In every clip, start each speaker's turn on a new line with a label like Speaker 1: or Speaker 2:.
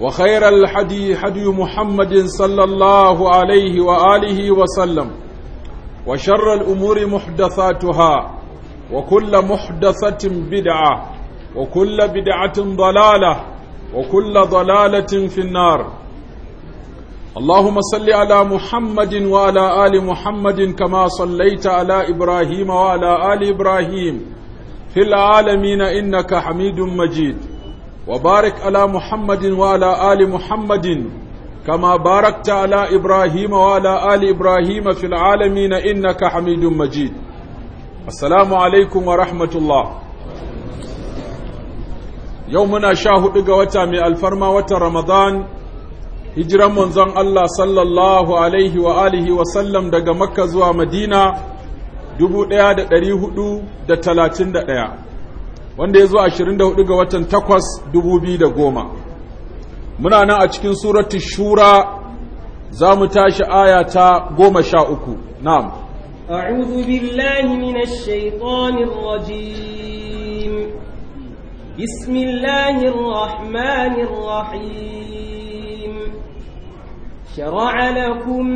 Speaker 1: وخير الحدي حدي محمد صلى الله عليه وآله وسلم وشر الأمور محدثاتها وكل محدثة بدعة وكل بدعة ضلالة وكل ضلالة في النار اللهم صل على محمد وعلى آل محمد كما صليت على إبراهيم وعلى آل إبراهيم في العالمين إنك حميد مجيد وبارك على محمد وعلى آل محمد كما باركت على إبراهيم وعلى آل إبراهيم في العالمين إنك حميد مجيد السلام عليكم ورحمة الله يومنا شاهد قوتا من الفرما رمضان هجرا منزان الله صلى الله عليه وآله وسلم دق مكة زوا مدينة دبو ايا دا دريه دا تلاتين دا ايا wanda ya zo 24 ga watan 8 2010 muna nan a cikin surati shura za mu tashi aya ta 13 na'am
Speaker 2: أعوذ بالله من الشيطان الرجيم بسم الله الرحمن الرحيم شرع لكم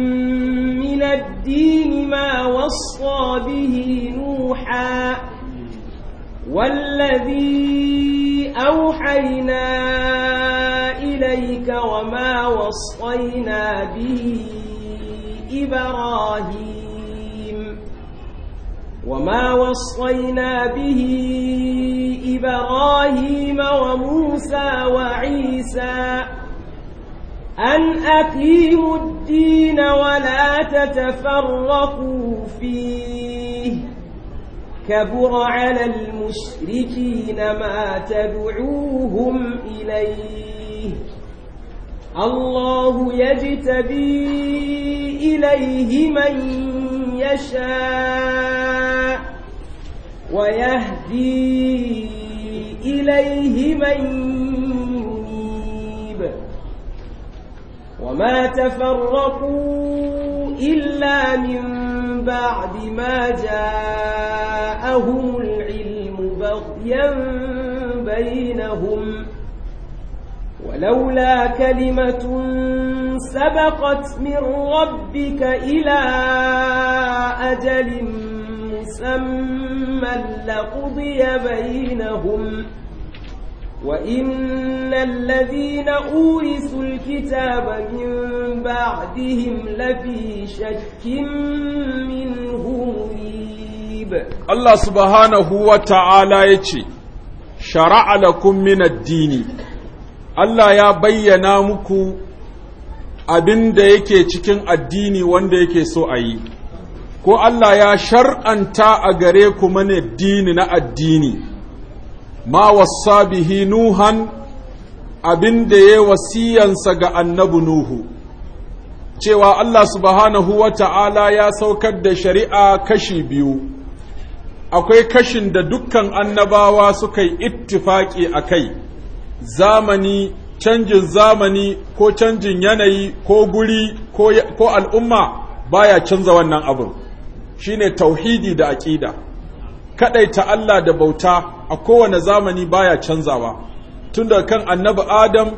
Speaker 2: من الدين ما وصى به نوحاً والذي أوحينا إليك وما وصينا به إبراهيم وما وصينا به إبراهيم وموسى وعيسى أن أقيموا الدين ولا تتفرقوا فيه كبر على المشركين ما تدعوهم إليه الله يجتبي إليه من يشاء ويهدي إليه من وما تفرقوا إلا من بعد ما جاءهم العلم بغيا بينهم ولولا كلمة سبقت من ربك إلى أجل مسمى لقضي بينهم وإن الذين أورثوا الكتاب من بعدهم لفي شك منه مريب
Speaker 1: الله سبحانه وتعالى يتي شرع لكم من الدين الله يا بينا مكو abin da yake cikin addini wanda yake so a yi ko Allah ya shar'anta a gare ku mana dini na addini ma wasa bihi nuhan abin da ya wasiyansa ga annabu nuhu cewa Allah subhanahu wa ta'ala ya saukar da shari'a kashi biyu akwai kashin da dukkan annabawa suka yi ittifaƙi a kai zamani canjin zamani ko canjin yanayi ko guri ko al'umma baya canza wannan abin shine tauhidi da aƙida kaɗaita Allah da bauta a kowane zamani baya canzawa tun daga kan annabi adam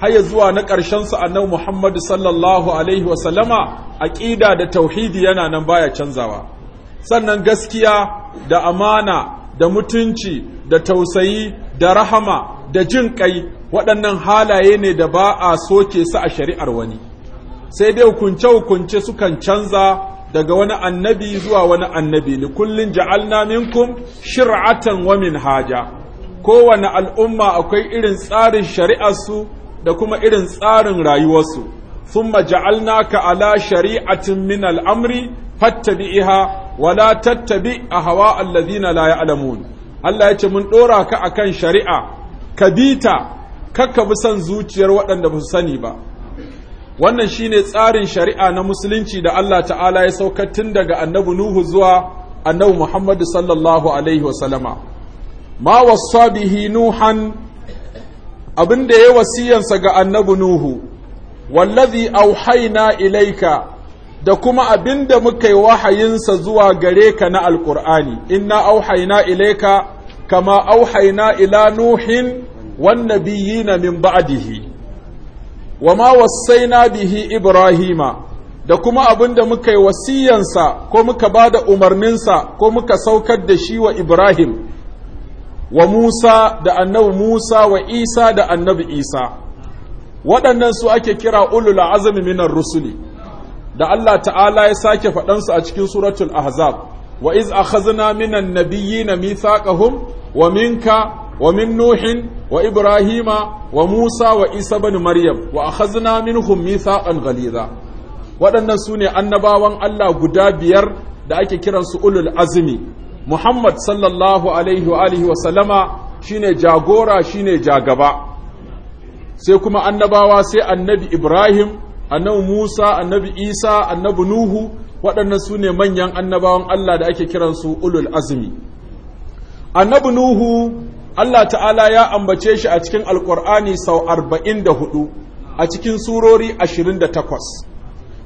Speaker 1: haya zuwa na ƙarshen ƙarshensa annabi muhammadu sallallahu alaihi wasallama aƙida da tauhidi yana nan baya canzawa sannan gaskiya da amana da mutunci da tausayi da rahama da jin ƙai waɗannan halaye ne da ba a soke su a shari'ar wani sai dai hukunce-hukunce sukan canza daga wani annabi zuwa wani annabi ne, kullun ja'alna minkum shir'atan wa minhaja kowane al'umma akwai irin tsarin shari'arsu da kuma irin tsarin rayuwarsu thumma ka ala shari'atin min al'amri fattabi'iha wa la tattabi ahwa alladhina la ya'lamun Allah ya ce mun dora ka akan shari'a kabita kakka bi son zuciyar waɗanda ba su sani ba wannan shine tsarin shari'a na musulunci da Allah ta'ala ya saukar tun daga annabi Nuhu zuwa annabi Muhammad sallallahu alaihi wa sallama ma wassa bihi nuhan abinda ya wasiyansa ga annabi Nuhu wallazi auhaina ilaika da kuma abinda muka yi wahayinsa zuwa gare ka na alkur'ani inna auhaina ilaika kama auhaina ila nuhin wan nabiyina min ba'dihi wa ma wasaina bihi ibrahima da kuma abinda da muka yi wasiyansa ko muka ba da umarninsa ko muka saukar da shi wa ibrahim wa musa da annabi musa wa isa da annabi isa waɗannan su ake kira ulul azmi minar rusuli da Allah ta'ala ya sake faɗansu a cikin suratul ahzab wa iz akhazna minan na mithaqahum wa minka wa min nuhin wa ibrahima wa musa wa isa bani maryam wa akhazna minhum mithaqan ghaliza waɗannan su ne annabawan Allah guda biyar da ake kiransu ulul azumi Muhammad sallallahu alaihi wa alihi wa sallama shine jagora shine jagaba sai kuma annabawa sai annabi Ibrahim annabi Musa annabi Isa annabi Nuhu waɗannan su ne manyan annabawan Allah da ake kiransu ulul azumi annabi Nuhu Allah ta'ala ya ambace shi a cikin alkur'ani sau arba'in da hudu a cikin surori ashirin da takwas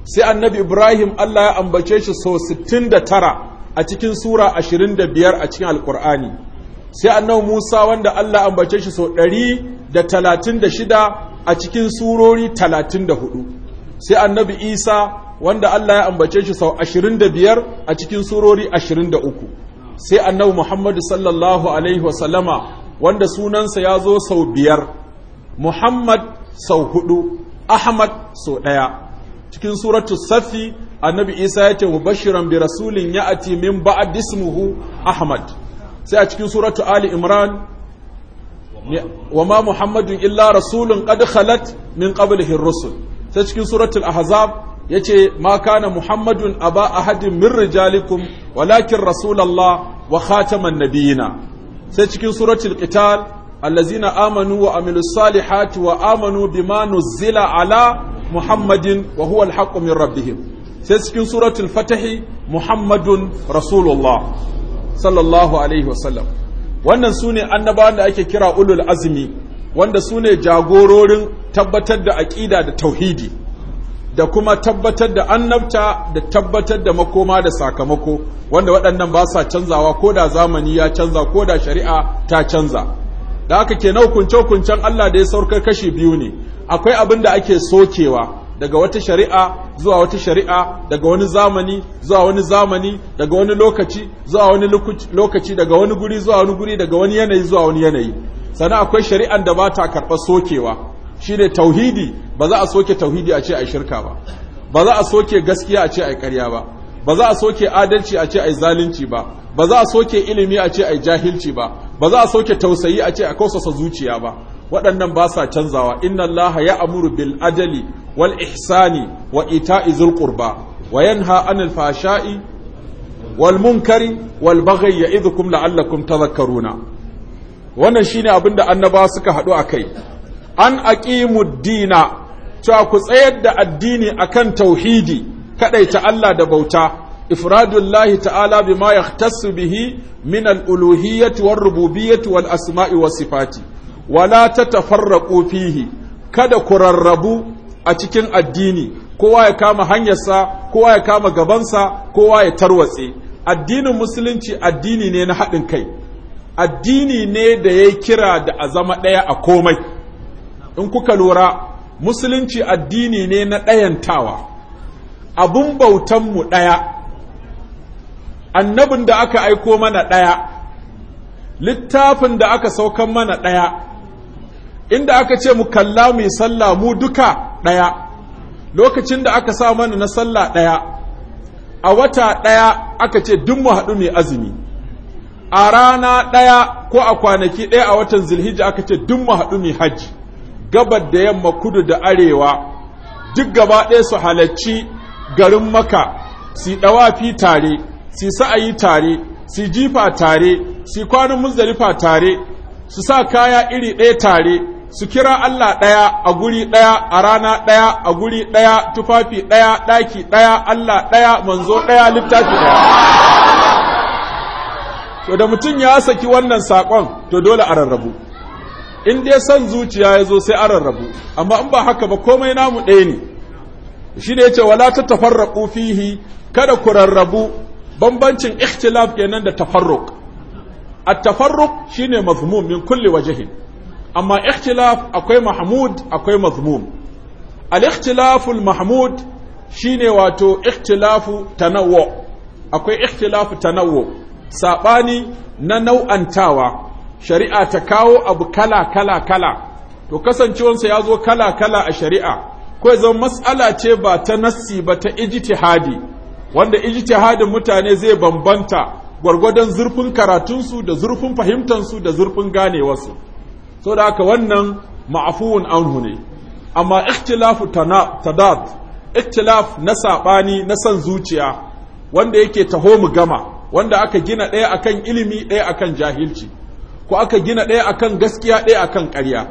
Speaker 1: sai annabi ibrahim Allah ya ambace shi sau sittin da tara a cikin sura ashirin da biyar a cikin alkur'ani sai annabi musa wanda Allah ambace shi sau ɗari da talatin da shida a cikin surori talatin da hudu sai annabi isa wanda Allah ya ambace shi sau ashirin da biyar a cikin surori ashirin da uku sai annabi Muhammadu sallallahu alaihi wasallama wanda sunansa ya zo sau biyar Muhammad sau hudu Ahmad sau ɗaya cikin suratu safi annabi Isa ya ce mubashiran bi rasulin ati min ba'd ismuhu Ahmad sai a cikin suratu Ali Imran wama Muhammadun illa rasulun qad khalat min qablihi ar-rusul sai cikin suratul Ahzab yace ma kana muhammadun aba ahadin min rijalikum walakin rasulullah wa khataman nabiyina sai cikin suratul qital allazina amanu wa amilus salihati wa amanu bima nuzila ala muhammadin wa huwa alhaqqu min rabbihim sai cikin suratul fatih muhammadun rasulullah sallallahu alaihi wasallam wannan sune annabawan da ake kira ulul azmi wanda sune jagororin tabbatar da aqida da tauhidi da kuma tabbatar da annabta da tabbatar da makoma da sakamako wanda waɗannan ba sa canzawa ko da zamani ya canza ko da shari'a ta canza da aka ke hukunce-hukuncen Allah da ya saukar kashi biyu ne akwai abin da ake sokewa daga wata shari'a zuwa wata shari'a daga wani zamani zuwa wani zamani daga wani lokaci zuwa wani lokaci daga wani guri zuwa wani guri daga wani yanayi zuwa wani yanayi sannan akwai shari'an da ba ta karɓar sokewa shine tauhidi ba za a soke tauhidi a ce ai shirka ba ba za a soke gaskiya a ce ai ƙarya ba ba za a soke adalci a ce ai zalunci ba ba za a soke ilimi a ce ai jahilci ba ba za a soke tausayi a ce a kausasa zuciya ba waɗannan ba sa canzawa inna allaha amuru bil ajali wal ihsani wa ita'i zul qurba wa yanha anil fasha'i? wal munkari wal baghi ya'idhukum la'allakum tadhakkaruna wannan shine abinda annabawa suka haɗu akai an aqimu dina to ku tsayar da addini akan tauhidi ta Allah da bauta ifradullahi ta'ala bima yahtassu bihi min al-uluhiyyati war-rububiyyati wal-asma'i was-sifati wala tatafarraqu fihi kada ku rarrabu a cikin addini kowa ya kama hanyarsa kowa ya kama gabansa kowa ya tarwatse addinin musulunci addini ne na haɗin kai addini ne da ya kira da azama zama ɗaya a komai in kuka lura musulunci addini ne na ɗayantawa abun bautanmu ɗaya annabin da aka aiko mana ɗaya littafin da aka saukan mana ɗaya inda aka ce mu kalla mu yi sallah mu duka ɗaya lokacin da aka sa mana na sallah ɗaya a wata ɗaya aka ce duk mu haɗu mai azumi a rana ɗaya ko a kwanaki ɗaya a watan zilhijja aka ce duk mu haɗu mai hajji gabar da yamma kudu da arewa duk gaba ɗaya su halarci garin maka si ɗawafi tare si sa'ayi tare si jifa tare si kwanan muzdalifa tare su sa kaya iri ɗaya tare su kira Allah ɗaya a guri ɗaya a rana ɗaya a guri ɗaya tufafi ɗaya ɗaki ɗaya Allah ɗaya manzo ɗaya littafi ɗaya to da mutum ya saki wannan saƙon to dole a rarrabu in dai son zuciya ya zo sai an rarrabu amma in ba haka ba komai namu ɗaya ne shi ne ce wala ta tafarraqu fihi kada ku rarrabu bambancin ikhtilaf kenan da tafarruk. at-tafarruq shine mazmum min kulli wajhin amma ikhtilaf akwai mahmud akwai mazmum al-ikhtilafu al-mahmud shine wato ikhtilafu tanawwu akwai ikhtilafu tanawwu sabani na nau'antawa shari'a ta kawo abu kala kala kala to kasancewarsa ya zo kala kala a shari'a ko zan zama mas'ala ce ba ta nassi ba ta ijtihadi wanda ijtihadin mutane zai bambanta gwargwadon zurfin karatunsu da zurfin fahimtansu da zurfin ganewarsu so da haka wannan ma'afuwun anhu ne amma ikhtilafu tadat ikhtilaf na saɓani na san zuciya wanda yake taho mu gama wanda aka gina ɗaya akan ilimi ɗaya akan jahilci ko aka gina ɗaya akan gaskiya ɗaya akan ƙarya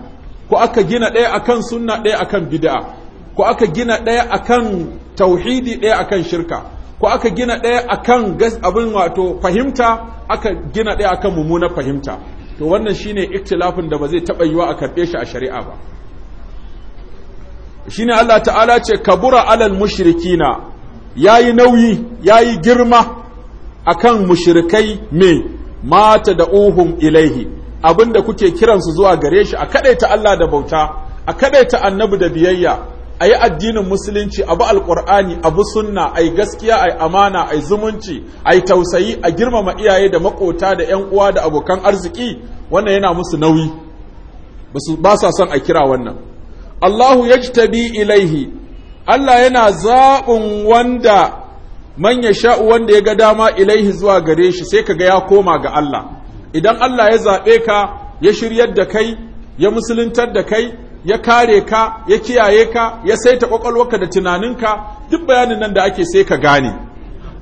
Speaker 1: ko aka gina ɗaya akan sunna ɗaya akan bid'a ko aka gina ɗaya akan tauhidi ɗaya akan shirka ko aka gina ɗaya akan abin wato fahimta aka gina ɗaya akan mummunar fahimta to wannan shine iktilafin da ba zai taɓa yiwa a karɓe shi a shari'a ba shine Allah ta'ala ce kabura alal mushrikina yayi nauyi yayi girma akan mushrikai me Mata da uhun ilaihi abinda kuke kiransu zuwa gare shi a kadaita Allah da bauta a kadaita annabi da biyayya a yi addinin musulunci a bi abu a bi sunna a gaskiya a amana a zumunci a tausayi a girmama iyaye da makota da 'yan uwa da abokan arziki wannan yana musu nauyi ba sa son a kira wannan allahu yajtabi ilaihi allah yana zaɓin wanda man ya sha'u wanda ya ga dama ilaihi zuwa gare shi sai kaga ya koma ga Allah idan Allah ya zaɓe ka ya shiryar da kai ya musuluntar da kai ya kare ka ya kiyaye ka ya saita kwakwalwarka da tunaninka duk bayanin nan da ake sai ka gane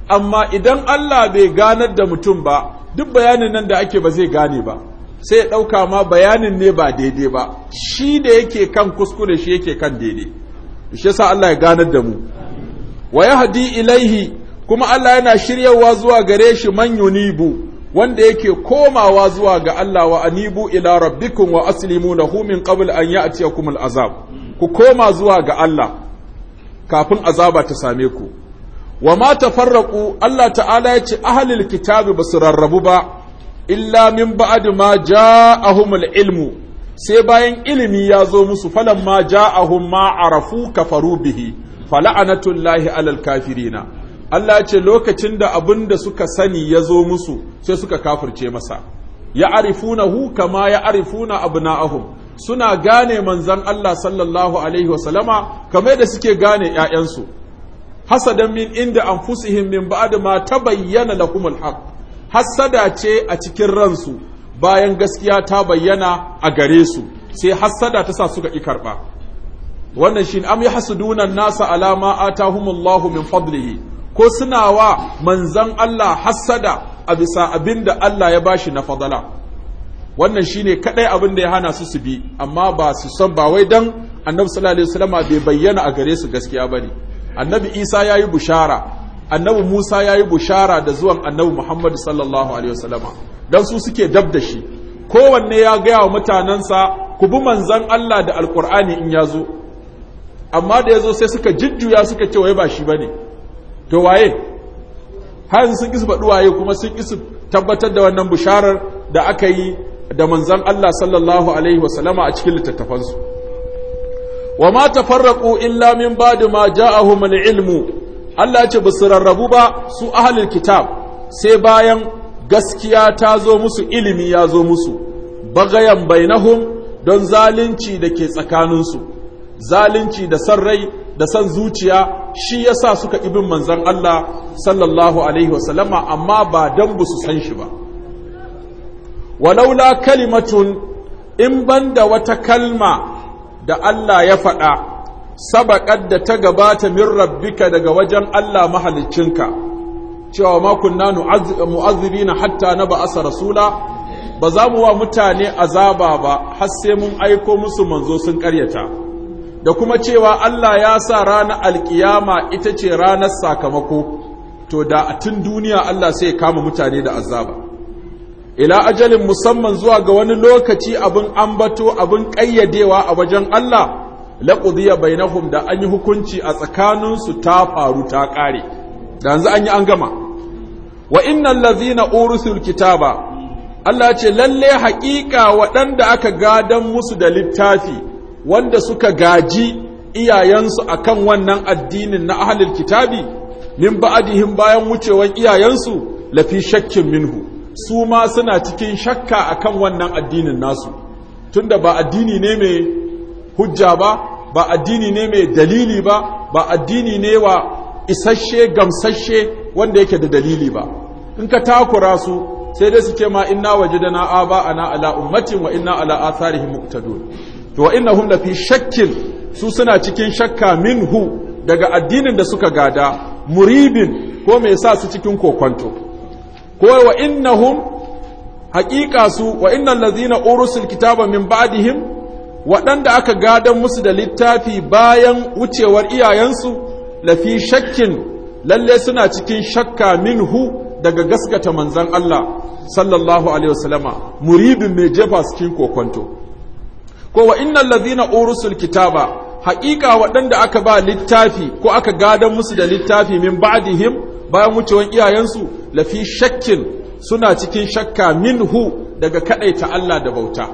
Speaker 1: amma idan Allah bai ganar da mutum ba duk bayanin nan da ake ba zai gane ba sai ya ɗauka ma bayanin ne ba daidai ba shi da yake kan kuskure shi yake kan daidai shi yasa Allah ya ganar da mu wa ilaihi kuma Allah yana shiryawa zuwa gare shi man yunibu wanda yake komawa zuwa ga Allah wa anibu ila rabbikum wa aslimu lahu min qabl an ya'tiyakum al'azab ku koma zuwa ga Allah kafin azaba ta same ku wa ma tafarraqu Allah ta'ala ya ce ahlul kitabi basu rarrabu ba illa min ba'd ma ja'ahum ilmu sai bayan ilimi ya zo musu falan ma ja'ahum ma arafu kafaru bihi fala'anatullahi alal kafirina Allah ce lokacin da abin da suka sani ya zo musu sai suka kafirce masa ya arifunahu kama ya arifuna abu abna'ahum suna gane manzan Allah sallallahu alaihi wasallama kamar da suke gane ‘ya'yansu, hasadan min inda an fusihin min ba'ad ma ta bayyana kuma haq hassada ce a cikin ransu bayan gaskiya ta bayyana a gare su sai hassada ta sa suka ƙi karɓa. Wannan shi am yi hasudunan nasa alama atahumullahu min fadlihi ko suna wa manzan Allah hassada a bisa abin da Allah ya bashi na fadala wannan shine kaɗai abin da ya hana su su bi amma ba su san ba wai dan annabi sallallahu alaihi bai bayyana a gare su gaskiya bane annabi Isa yayi bushara annabi Musa yayi bushara da zuwan annabi Muhammad sallallahu alaihi wasallama dan su suke dab da shi kowanne ya gaya wa mutanensa ku bi manzan Allah da alkur'ani in ya zo amma da ya zo sai suka jujjuya suka ce wai ba shi ba ne to waye har sun kisa faɗi waye kuma sun kisa tabbatar da wannan bisharar da aka yi da manzon Allah sallallahu alaihi wasallama a cikin littattafansu wa ma tafarraqu illa min ba'di ma ja'ahum al-ilmu Allah ya ce basu rarrabu ba su ahlul kitab sai bayan gaskiya ta zo musu ilimi ya zo musu bagayan bainahum don zalunci da ke tsakaninsu zalunci da san rai da san zuciya shi yasa suka ibin manzon Allah sallallahu alaihi wasallama amma ba dan bu su san shi ba walaula kalimatun in banda wata kalma da Allah ya faɗa sabaƙar da ta gabata min rabbika daga wajen Allah ka, cewa makunna mu'azzibina hatta na ba'asa rasula ba za mu wa mutane azaba ba har sai mun aiko musu manzo sun ƙaryata da kuma cewa Allah ya sa ranar alkiyama ita ce ranar sakamako to da tun duniya Allah sai ya kama mutane da azaba ila ajalin musamman zuwa ga wani lokaci abin ambato abin ƙayyadewa a wajen Allah laqudiya bainahum da an yi hukunci a tsakaninsu ta faru ta ƙare da yanzu an yi an gama wa innal ladhina urusul kitaba Allah ce lalle haƙiƙa waɗanda aka gadan musu da littafi wanda suka gaji iyayensu akan wannan addinin na ahalil kitabi min bayan wucewan iyayensu lafi shakkin minhu su ma suna cikin shakka akan wannan addinin nasu tunda ba addini ne mai hujja ba ba addini ne mai dalili ba ba addini ne wa isasshe gamsasshe wanda yake da dalili ba in ka takura su sai dai su ce ma inna na'a aba ana ala ummatin wa inna ala atharihim muqtadun to inna la fi shakkin su suna cikin shakka minhu daga addinin da suka gada muribin ko me sa su cikin kokonto ko wa innahum haqiqa su wa innal ladina urusul kitaba min ba'dihim waɗanda aka gadan musu da littafi bayan wucewar iyayensu la fi shakkin lalle suna cikin shakka minhu daga gaskata manzon Allah sallallahu alaihi wasallama muribin mai jefa cikin kokonto ko wa innal ladhina urusul kitaba haƙiƙa waɗanda aka ba littafi ko aka gadan musu da littafi min ba'dihim bayan wucewan iyayensu lafi shakkin suna cikin shakka minhu daga kadaita Allah da bauta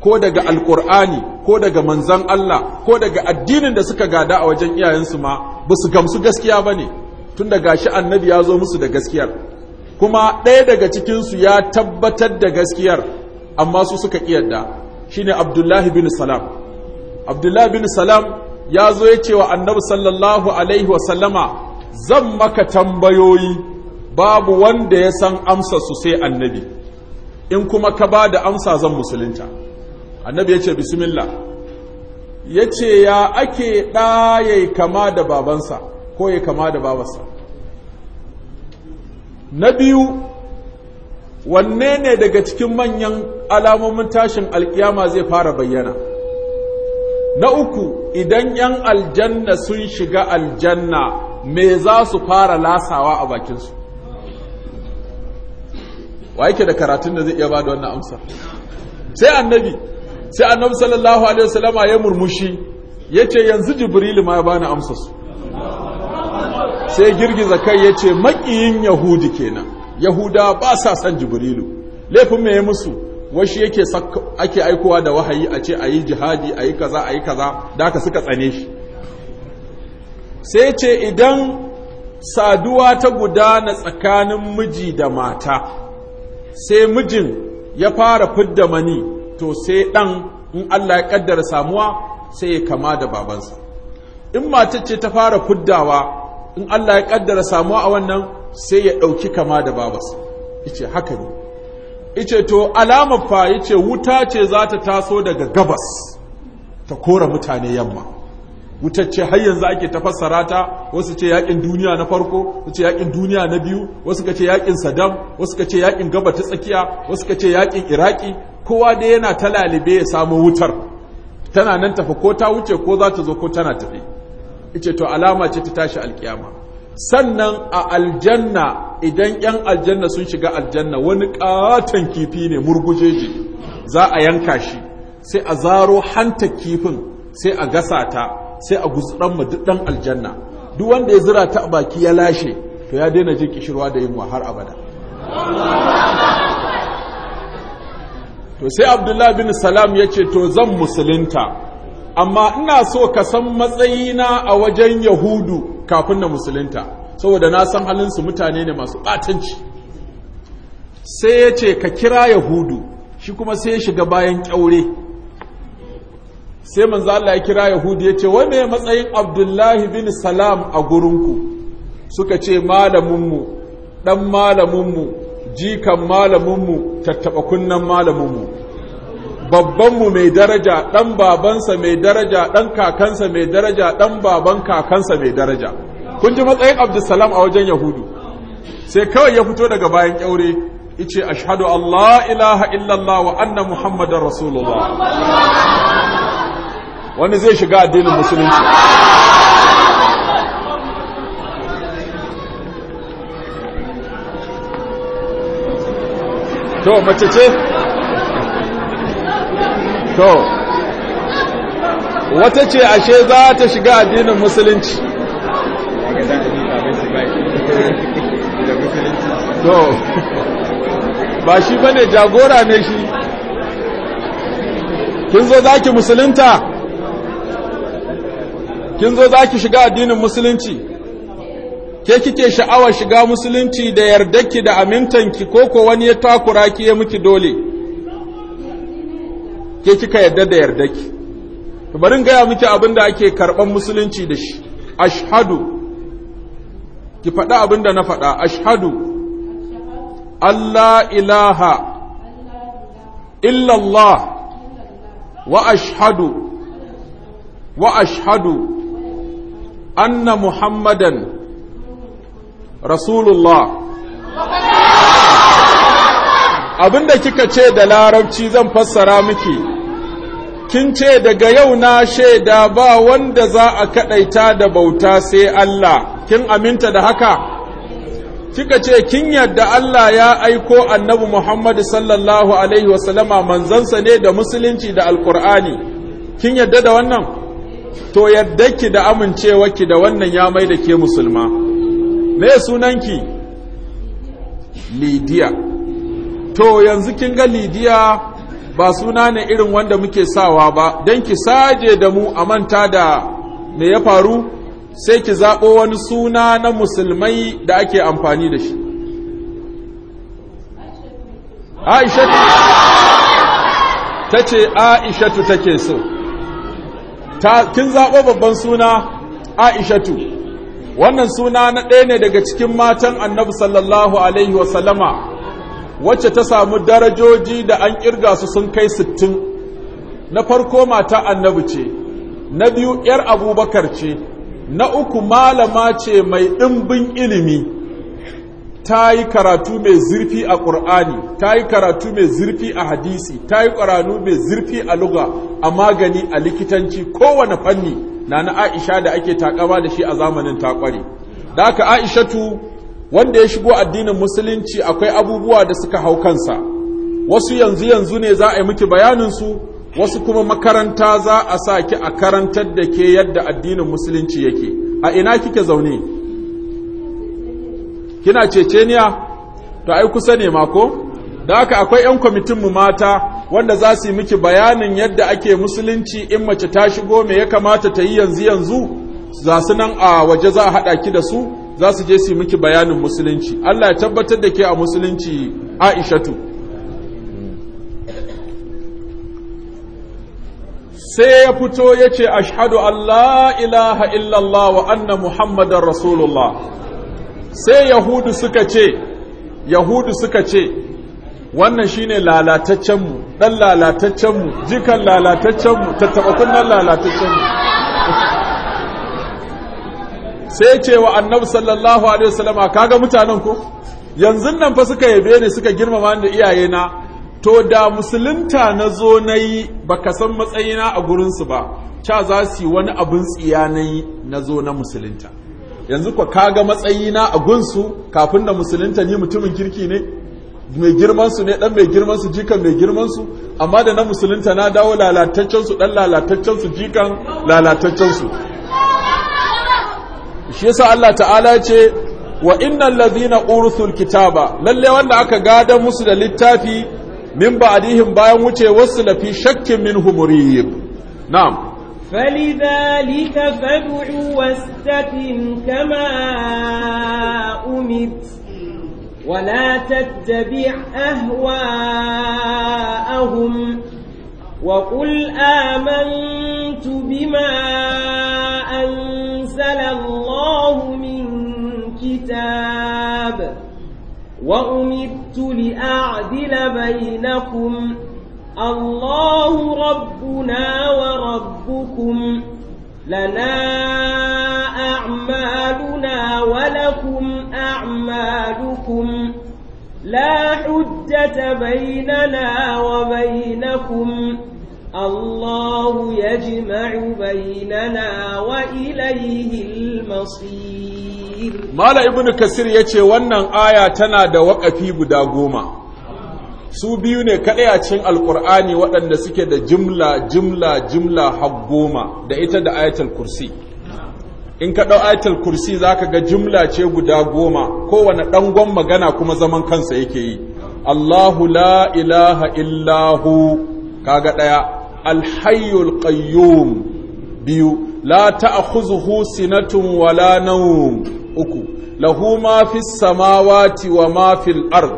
Speaker 1: ko daga alqur'ani ko daga manzon Allah ko daga addinin da suka gada a wajen iyayensu ma ba su gamsu gaskiya bane tunda gashi annabi ya zo musu da gaskiyar kuma ɗaya daga cikinsu ya tabbatar da gaskiyar amma su suka yadda. shine abdullahi bin salam abdullahi bin salam ya zo ya ce wa annabi sallallahu alaihi wasallama zan maka tambayoyi babu wanda ya san amsa su sai annabi in kuma ka ba da amsa zan musulunta annabi ya ce bismillah ya ce ya ake ɗaya kama da babansa ko ya kama da babarsa na biyu wanne ne daga cikin manyan alamomin tashin alkiyama zai fara bayyana na uku idan 'yan aljanna sun shiga aljanna me za su fara lasawa a bakinsu wa yake da karatun da zai iya ba da wannan amsa sai annabi sai annabi sallallahu alaihi wasallama ya murmushi yace yanzu jibrilu ma ya bani amsa su sai girgiza kai yace ce maƙiyin yahudi kenan yahuda ba sa san jibrilu laifin me musu washi yake ake aikowa da wahayi a ce a yi jihadi a yi kaza a yi kaza da aka suka tsane shi sai ce idan saduwa ta gudana tsakanin miji da mata sai mijin ya fara fidda mani to sai ɗan in Allah ya ƙaddara samuwa sai ya kama da babansa in mace ce ta fara fuddawa, in Allah ya ƙaddara samuwa a wannan sai ya ɗauki kama da babas ice haka ne ice to alamar fa yace wuta ce za ta taso daga gabas ta kora mutane yamma wutar ce har yanzu ake tafassara ta wasu ce yakin duniya na farko wasu ce yakin duniya na biyu wasu ka ce yakin saddam wasu ka ce yakin gaba ta tsakiya wasu ka ce yakin iraki kowa da yana ta lalibe ya samu wutar tana nan tafi ko ta wuce ko za ta zo ko tana tafi ice to alama ce ta tashi alkiyama sannan a aljanna idan 'yan aljanna sun shiga aljanna wani katon kifi ne murgujeji za a yanka shi sai a zaro hanta kifin sai a gasa ta sai a gutsuran ma aljanna duk wanda ya zira ta baki ya lashe to ya daina jin kishirwa da yin har abada to sai abdullahi bin salam ya ce to zan musulunta amma ina so ka san matsayina a wajen yahudu kafin na musulunta saboda na san halinsu mutane ne masu batanci. sai ya ce ka kira yahudu shi kuma sai ya shiga bayan kyaure sai manza Allah ya kira yahudu ya ce wane matsayin abdullahi bin salam a gurinku suka ce malaminmu ɗan malaminmu jikan malaminmu tattaɓa kunnen malaminmu babbanmu mai daraja ɗan babansa mai daraja ɗan kakansa mai daraja ɗan baban kakansa mai daraja kun ji matsayin abdulsalam a wajen yahudu sai kawai ya fito daga bayan ƙyaure ice ashhadu allah ilaha illallah wa anna muhammadar rasulullah wani zai shiga addinin musulunci to mace ce to wata ce ashe za ta shiga addinin musulunci to ba shi bane jagora ne shi kin zo zaki musulunta kin zo zaki shiga addinin musulunci ke kike sha'awar shiga musulunci da yardarki da amintanki ko ko wani ya takura ki ya miki dole ke kika yarda da yarda ki to bari in gaya miki abin da ake karɓan musulunci da shi ashhadu ki faɗa abin da na faɗa ashhadu Allah ilaha illallah wa ashhadu wa ashhadu anna muhammadan rasulullah abinda kika ce da larabci zan fassara miki kin ce daga yau na shaida ba wanda za a kadaita da bauta sai Allah kin aminta da haka kika ce kin yadda Allah ya aiko annabi Muhammad sallallahu alaihi wasallama manzansa ne da musulunci da alkur'ani kin yadda da wannan to yadda ki da amincewa ki da wannan ya mai da ke musulma me sunanki lidiya to yanzu kin ga lidiya ba suna ne irin wanda muke sawa ba don ki saje da mu a manta da me ya faru sai ki zaɓo wani suna na musulmai da ake amfani da shi aishatu ta ce aishatu take so kin zaɓo babban suna aishatu wannan suna na ɗaya ne daga cikin matan annabi sallallahu alaihi wasallama wacce ta samu darajoji da an kirga su sun kai sittin na farko mata annabi ce na biyu ‘yar abubakar ce na uku malama ce mai ɗimbin ilimi ta yi karatu mai zurfi a ƙur'ani ta yi karatu mai zurfi a hadisi ta yi ƙwaranu mai zurfi a luga a magani a likitanci kowane fanni na na aisha da ake takama da shi a zamanin takware da aka aishatu wanda ya shigo addinin musulunci akwai abubuwa da suka hau kansa wasu yanzu yanzu ne za a yi miki bayanin su wasu kuma makaranta za a sa ki a karantar da ke yadda addinin musulunci yake a ina kike zaune kina ceceniya to ai kusa ne mako da haka akwai 'yan mu mata wanda za su yi miki bayanin yadda ake musulunci in mace ta shigo me ya kamata ta yi yanzu yanzu za su nan a waje za a haɗa ki da su za su je su miki bayanin musulunci Allah ya tabbatar da ke a musulunci aishatu sai ya fito ya ce ashadu Allah ilaha illallah wa anna muhammadar rasulullah sai yahudu suka ce yahudu suka ce wannan shine lalataccenmu ɗan lalataccenmu jikan lalataccenmu tattaɓa kunnen lalataccenmu sai ce wa annabi sallallahu alaihi wasallama kaga mutanen ku? yanzu nan fa suka yabe ni suka girmama ni da iyaye na to da musulunta na zo nayi baka san matsayina a gurin ba cha za su yi wani abin tsiya nayi na zo na musulunta yanzu ka kaga matsayina a gunsu kafin da musulunta ni mutumin kirki ne mai girman su ne dan mai girman su jikan mai girman su amma da na musulunta na dawo lalataccen su dan lalataccen su jikan lalataccen su shi yasa Allah ta'ala ce wa innal ladhina urthul kitaba lalle wanda aka gada musu da littafi min ba'dihim bayan wuce wasu lafi shakkin minhum murib na'am
Speaker 2: فلذلك فادع واستقم كما أمرت ولا تتبع أهواءهم وقل آمنت بما أنت أنزل الله من كتاب وأمرت لأعدل بينكم الله ربنا وربكم لنا أعمالنا ولكم أعمالكم لا حجة بيننا وبينكم الله يجمع بيننا وإليه المصير
Speaker 1: مالا ابن كثير yace wannan aya tana da waƙafi guda goma su biyu ne kaɗai a cikin alkur'ani waɗanda suke da jimla jimla jimla har goma da ita da ayatul kursi in ka ɗau ayatul kursi za ka ga jimla ce guda goma kowane ɗangon magana kuma zaman kansa yake yi allahu la ilaha illahu kaga ɗaya alhayyul qayyum biyu la ta'khudhuhu sinatun wala nawm uku lahu ma fis samawati wa ma fil ard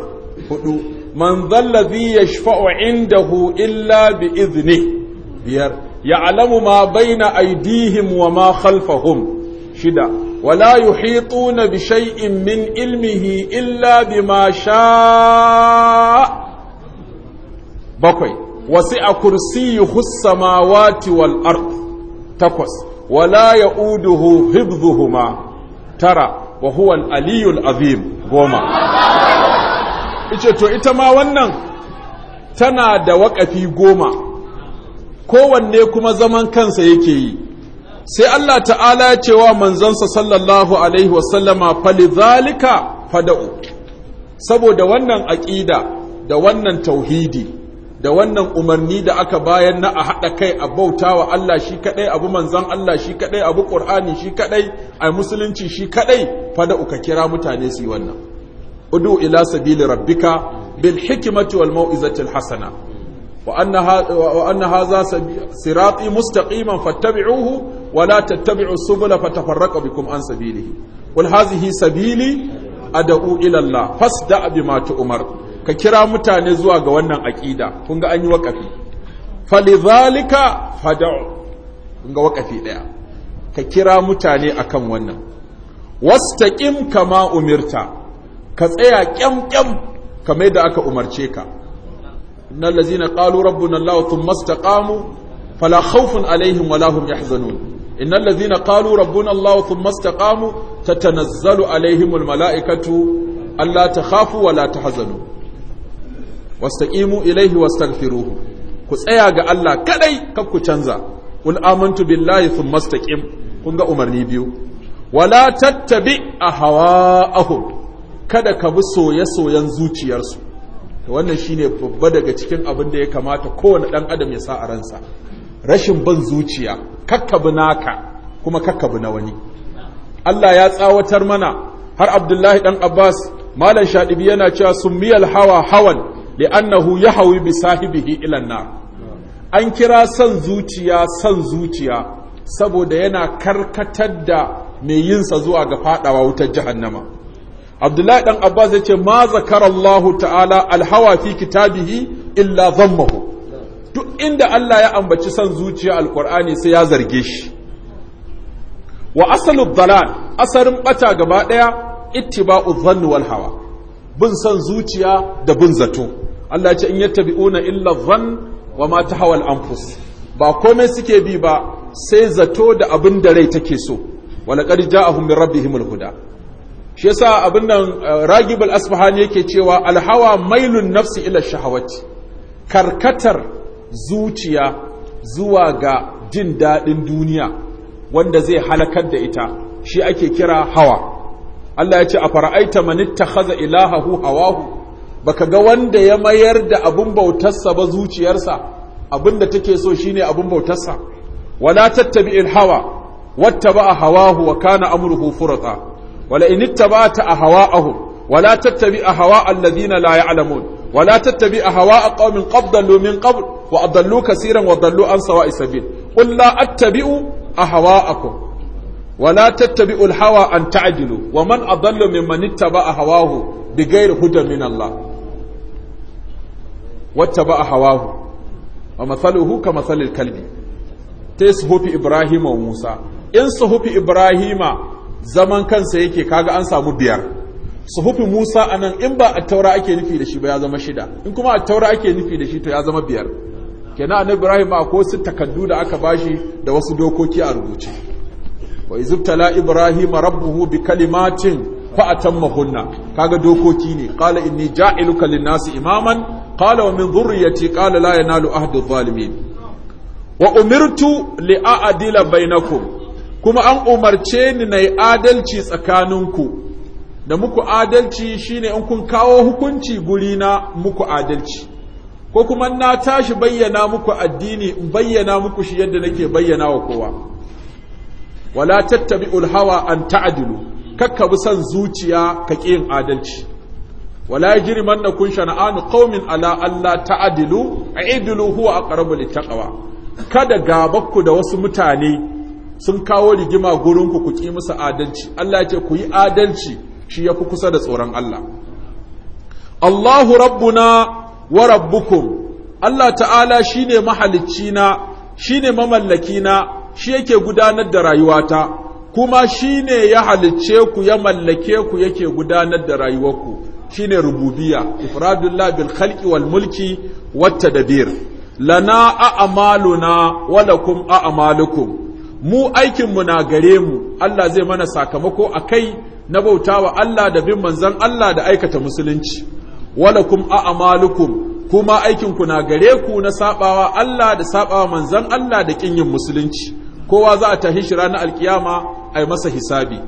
Speaker 1: hudu man dhalladhi yashfa'u indahu illa bi idhni biyar ya'lamu ma bayna aydihim wa ma khalfahum shida ولا يحيطون بشيء من علمه إلا بما شاء bakwai wasi a kursiyuhus samawati wal ard takwas wala ya'uduhu hibdhuhuma tara wa huwa al aliyul azim goma ice to ita ma wannan tana da wakafi goma kowanne kuma zaman kansa yake yi sai Allah ta'ala ya ce wa manzansa sallallahu alaihi wasallama zalika fada'u saboda wannan aƙida da wannan tauhidi da wannan umarni da aka bayan na a haɗa kai a bauta wa Allah shi kaɗai abu manzan Allah shi kaɗai abu ƙur'ani shi kaɗai a musulunci shi kaɗai fada uka kira mutane su yi wannan udu ila sabili rabbika bil hikimati wal mau'izatil hasana wa anna hadha sirati mustaqiman fattabi'uhu wa la tattabi'u subula fatafarraqu bikum an sabilihi wal hadhihi sabili ad'u ila Allah fasda bima tu'mar ka kira mutane zuwa ga wannan aƙida kun ga an yi waƙafi falizalika fada'u kun ga waƙafi ɗaya ka kira mutane a kan wannan wastaqim kama umirta ka tsaya kyam kyam kamar da aka umarce ka innal ladzina qalu rabbuna allah thumma istaqamu fala khawfun alaihim wala hum yahzanun innal ladzina qalu rabbuna allah thumma istaqamu tatanazzalu alaihim Allah ta khafu wala ta hazanu. wastaqimu ilaihi wastaghfiruhu ku tsaya ga Allah kadai kar ku canza ul amantu billahi thumma istaqim kun ga umarni biyu wala tattabi ahwa'ahu kada ka bi soye-soyen zuciyarsu to wannan shine babba daga cikin abin da ya kamata kowane dan adam ya sa a ransa rashin bin zuciya kakkabi naka kuma kakkabi na wani Allah ya tsawatar mana har Abdullahi dan Abbas malam Shadibi yana cewa summiyal hawa hawan li'annahu yahwi bi sahibihi ila nar an kira san zuciya san zuciya saboda yana karkatar da mai yinsa zuwa ga fadawa wutar jahannama abdullahi dan abbas ce, ma zakarallahu ta'ala alhawa fi kitabihi illa dhammahu duk inda Allah ya ambaci san zuciya alqur'ani sai ya zarge shi wa asalu dalal asarin bata gaba daya ittiba'u dhanni wal hawa bin san zuciya da bin zato Allah ce in 'una illa dhann wa ma hawal anfus ba komai suke bi ba sai zato da abin da rai take so wala qad ja'ahum min rabbihimul huda shi yasa abin nan uh, ragibul asbahani yake cewa alhawa mailun nafsi ila shahawati karkatar zuciya zuwa ga jin dadin duniya wanda zai halakar da ita shi ake kira hawa Allah ya ce a fara'aita man ittakhadha ilahahu hawahu baka ga wanda ya mayar da abin bautarsa ba zuciyarsa abinda take so shine abin bautarsa wala tattabi'il hawa wattaba'a hawahu wa kana amruhu furata wala in ittaba'ta ahwa'ahum wala tattabi'a hawa alladhina la ya'lamun wala tattabi'a hawa qaumin qad dallu min qabl wa adallu kaseeran wa dallu an sawa'i sabil qul la attabi'u ahwa'akum ولا تتبعوا الهوى أن تعدلوا ومن أضل ممن اتبع هواه بغير هدى min Allah. wacce ba a hawahu A matsaluhu ka matsalil kalbi ta yi suhufi ibrahima wa musa in suhufi ibrahima zaman kansa yake kaga an samu biyar suhufi musa a nan in ba a taura ake nufi da shi ba ya zama shida in kuma a taura ake nufi da shi to ya zama biyar kenan annabi ibrahim a ko su takaddu da aka bashi da wasu dokoki a rubuce wa Izubtala ibrahim rabbuhu bi kalimatin fa atammahunna kaga dokoki ne qala inni ja'iluka lin-nasi imaman qala wa min dhurriyyati qala la yanalu ahdi adh-dhalimin wa umirtu li a'dila bainakum kuma an umarce ni nayi adalci tsakaninku da muku adalci shine in kun kawo hukunci guri na muku adalci ko kuma na tashi bayyana muku addini in bayyana muku shi yadda nake bayyana wa kowa wala tattabi'ul hawa an ta'dilu kakka bi san zuciya ka ƙi yin adalci wala yajrimannakum shana'anu qaumin ala alla ta'dilu a'idilu huwa aqrabu littaqwa kada gabakku da wasu mutane sun kawo rigima gurin ku ku ki musu adalci Allah ya ce ku yi adalci shi ya fi kusa da tsoron Allah Allahu rabbuna wa rabbukum Allah ta'ala shine ne shine na, shi yake gudanar da rayuwata kuma shi ne ya halicce ku ya mallake ku yake gudanar da rayuwarku shine rububiyya ifradullah bil khalqi wal mulki wat tadbir lana a'maluna wa lakum a'malukum mu aikin mu na gare mu Allah zai mana sakamako akai na bautawa Allah da bin manzon Allah da aikata musulunci wa lakum a'malukum kuma aikin ku na gare ku na sabawa Allah da sabawa manzon Allah da kin yin musulunci kowa za a tahi shira na alkiyama ai masa hisabi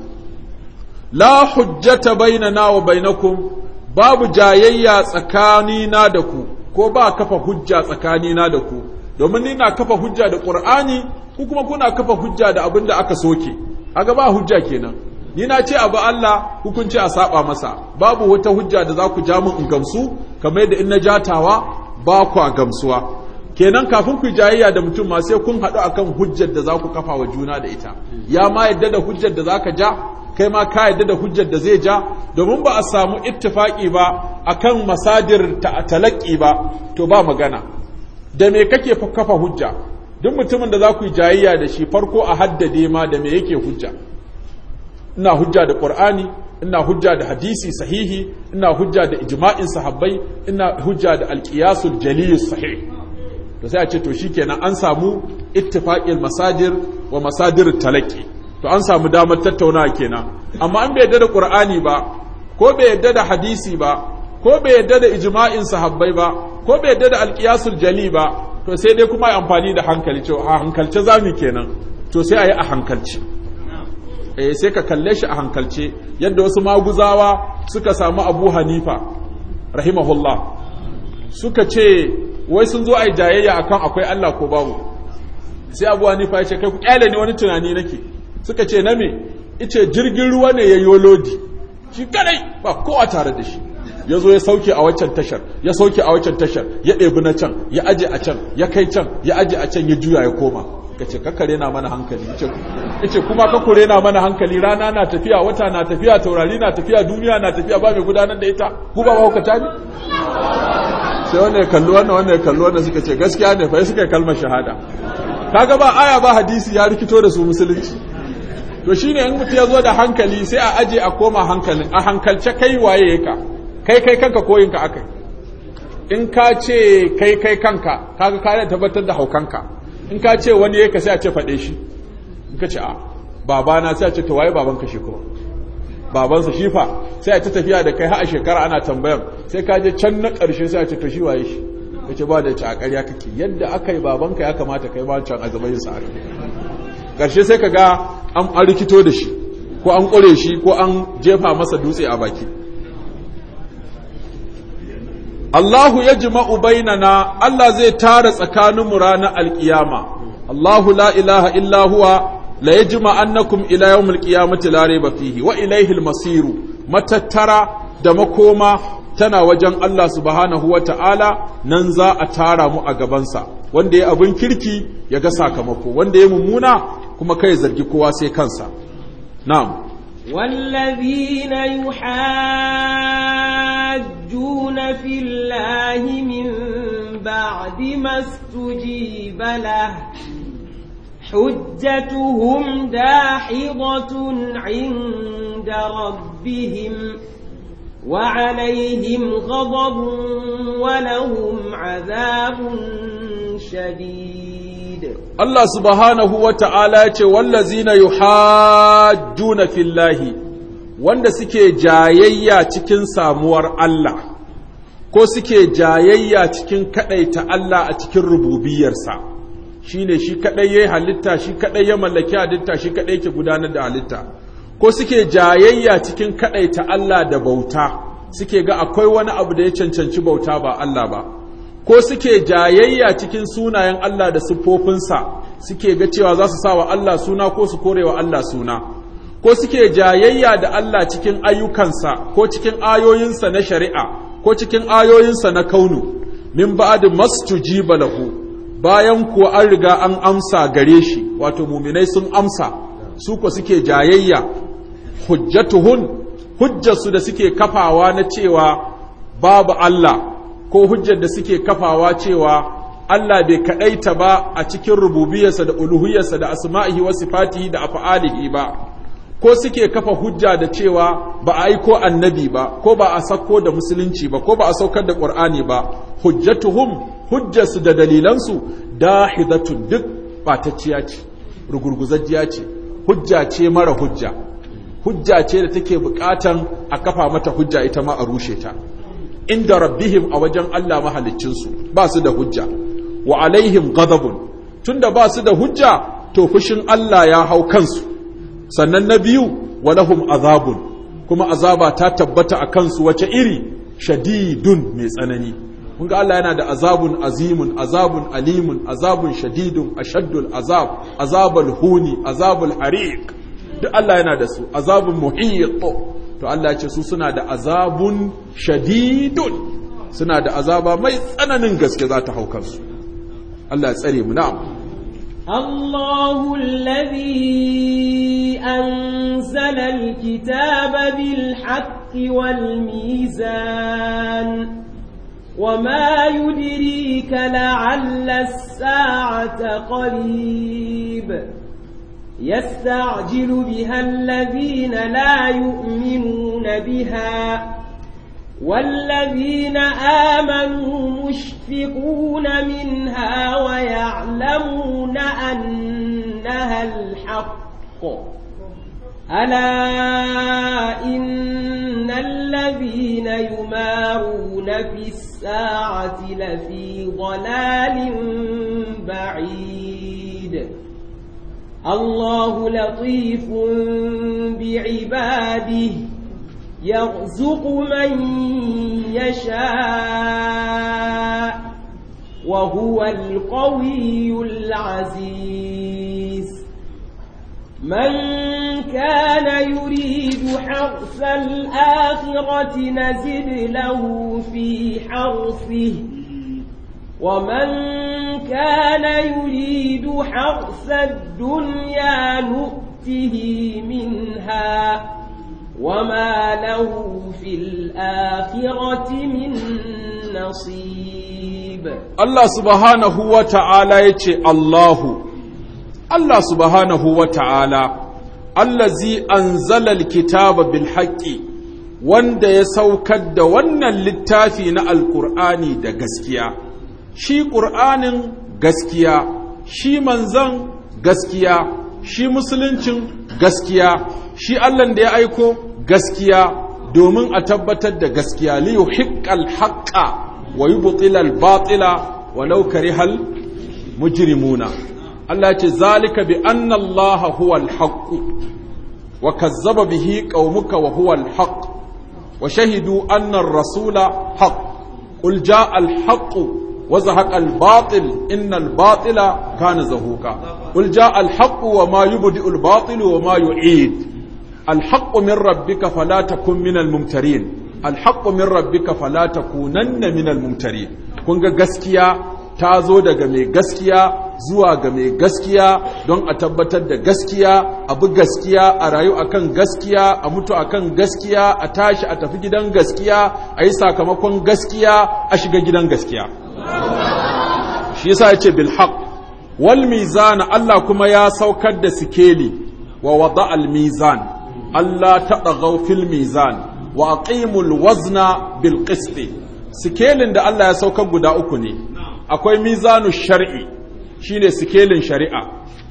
Speaker 1: la hujjata bainana wa bainakum babu jayayya tsakanina da ku ko ba kafa hujja tsakani na da ku domin ni na kafa hujja da Qur'ani ku kuma kuna kafa hujja da abin da aka soke kaga ba hujja kenan ni na ce abu Allah hukunci a saba masa babu wata hujja da za ku ja min in gamsu kamar yadda in na jatawa ba ku gamsuwa kenan kafin ku jayayya da mutum ma sai kun haɗu akan hujjar da za ku kafa wa juna da ita ya ma yadda da hujjar da za ka ja kai ma ka yadda da hujjar da zai ja domin ba a samu ittifaki ba akan masadir ta talaki ba to ba magana da me kake kafa hujja duk mutumin da za ku yi jayayya da shi farko a haddade ma da me yake hujja ina hujja da qur'ani ina hujja da hadisi sahihi ina hujja da ijma'in sahabbai ina hujja da alqiyasul jalil sahih to sai a ce to shikenan an samu ittifaqil masadir wa masadir talaki to an samu damar tattaunawa kenan amma an bai yadda da qur'ani ba ko bai yadda da hadisi ba ko bai yadda da ijma'in sahabbai ba ko bai yadda da alqiyasul jali ba to sai dai kuma amfani da hankali to a hankalce zamu kenan to sai ayi a hankalce eh sai ka kalle shi a hankalce yadda wasu maguzawa suka samu Abu Hanifa rahimahullah suka ce wai sun zo ai jayayya akan akwai Allah ko babu sai Abu Hanifa ya ce kai ku kyale ne wani tunani nake suka ce na me ice jirgin ruwa ne ya yi lodi shi kadai ba kowa tare da shi ya zo ya sauke a waccan tashar ya sauke a waccan tashar ya ɗebi na can ya aje a can ya kai can ya aje a can ya juya ya koma ka ce kakare na mana hankali ya ce kuma kakure na mana hankali rana na tafiya wata na tafiya taurari na tafiya duniya na tafiya ba mai gudanar da ita ku ba mahaukata ne sai wanda ya kallo wannan wanda ya kallo wannan suka ce gaskiya ne fa suka kalmar shahada kaga ba aya ba hadisi ya rikito da su musulunci to shine in mutu ya zo da hankali sai a aje a koma hankalin a hankalce kai waye ka kai kai kanka koyinka aka in ka ce kai kai kanka kaga ka tabbatar da haukanka in ka ce wani yake sai a ce faɗe shi in ka ce a babana sai a ce to waye babanka shi ko babansa shi fa sai a ci tafiya da kai har a shekara ana tambayan sai ka je can na ƙarshe sai a ce to shi waye shi kace ce ba da ci a ƙarya kake yadda aka yi babanka ya kamata kai ba can a sa yin sa ƙarshe sai ka ga an rikito da shi ko an ƙware shi ko an jefa masa dutse a baki Allahu ya jima'u na. Allah zai tara tsakaninmu ranar alƙiyama Allahu la ilaha illa huwa la ya na annakum ila yawmil qiyamati la fihi wa ilayhi masiru matattara da makoma tana wajen Allah subhanahu wa ta'ala nan za a tara mu a gabansa wanda ya abin kirki ya ga sakamako wanda ya mummuna kuma kai zargi kowa sai kansa na'am
Speaker 2: والذين يحاجون في الله من بعد ما استجيب له حجتهم داحضة عند ربهم وعليهم غضب ولهم عذاب شديد
Speaker 1: Allah subhanahu wa ta'ala ya ce, Wallazina yuhajjuna fillahi, wanda suke jayayya cikin samuwar Allah, ko suke jayayya cikin kaɗaita Allah a cikin rububiyarsa, shi ne shi kaɗai ya halitta, shi kaɗai ya mallaki halitta, shi kaɗai ke gudanar da halitta, ko suke jayayya cikin kaɗaita Allah da bauta, suke ga akwai wani abu da ya cancanci bauta ba Allah ba. ko suke jayayya cikin sunayen Allah da siffofinsa suke ga cewa za su sa wa Allah suna ko su kore wa Allah suna ko suke jayayya da Allah cikin ayyukansa ko cikin ayoyinsa na shari'a ko cikin ayoyinsa na kaunu min ba'd ji lahu bayan kuwa an riga an amsa gare shi wato muminai sun amsa su ko suke jayayya hujjatuhun hujjarsu da suke kafawa na cewa babu Allah ko hujjar da suke kafawa cewa Allah bai kaɗaita ba a cikin rububiyarsa da uluhiyarsa da asma'ihi wa sifatihi da af'alihi ba ko suke kafa hujja da cewa ba a aiko annabi ba ko ba a sako da musulunci ba ko ba a saukar da qur'ani ba hujjatuhum hujjarsu da dalilansu dahidatun duk batacciya ce rugurguzajjiya ce hujja ce mara hujja hujja ce da take bukatan a kafa mata hujja ita ma a rushe ta inda rabbihim a wajen Allah mahalicinsu ba su da hujja wa alaihim ghadabun tunda ba su da hujja to fushin Allah ya hau kansu sannan na biyu wa azabun kuma azaba ta tabbata a kansu wace iri shadidun mai tsanani mun ga Allah yana da azabun azimun azabun alimun azabun shadidun ashaddul azab azabul huni azabul hariq duk Allah yana da su azabun muhiyyat to Allah ce su suna da azabun shadidun suna da azaba mai tsananin gaske za ta hau kansu Allah ya tsare mu na'am
Speaker 2: الله الذي أنزل الكتاب بالحق والميزان وما يدريك لعل الساعة قريب يستعجل بها الذين لا يؤمنون بها والذين آمنوا مشفقون منها ويعلمون أنها الحق ألا إن الذين يمارون في الساعة لفي ضلال بعيد الله لطيف بعباده يرزق من يشاء وهو القوي العزيز من كان يريد حرث الآخرة نزد له في حرثه ومن كان يريد حرث الدنيا نؤته منها وما له في الآخرة من نصيب
Speaker 1: الله سبحانه وتعالى يتي الله الله سبحانه وتعالى allazi anzalal kitaba bil haqqi wanda ya saukar da wannan littafi na alqur'ani da gaskiya shi ƙur'anin gaskiya shi manzan gaskiya shi musuluncin gaskiya shi allan da ya aiko gaskiya domin a tabbatar da gaskiya liyu hikkal haƙƙa wa yi butilal batila laukari hal mujrimuna Allah ce zalika bi annallaha Allah huwa wa kazzaba bihi qaumuka wa huwal al wa shahidu annar rasula haqq qul al وزهق الباطل إن الباطل كان زهوكا قل جاء الحق وما يبدئ الباطل وما يعيد الحق من ربك فلا تكن من الممترين الحق من ربك فلا تكونن من الممترين كونغا غسكيا تازو daga mai gaskiya zuwa ga mai gaskiya don a tabbatar da gaskiya bi gaskiya a rayu akan gaskiya a mutu akan gaskiya a tashi a tafi gidan gaskiya a yi sakamakon gaskiya a shiga gidan gaskiya shi yasa yace bil haqq wal mizan Allah kuma ya saukar da sikeli wa wada al mizan Allah tadaghaw fil mizan wa aqimul wazna bil qist sikelin da Allah ya saukar guda uku ne akwai mizanu shar'i shine sikelin shari'a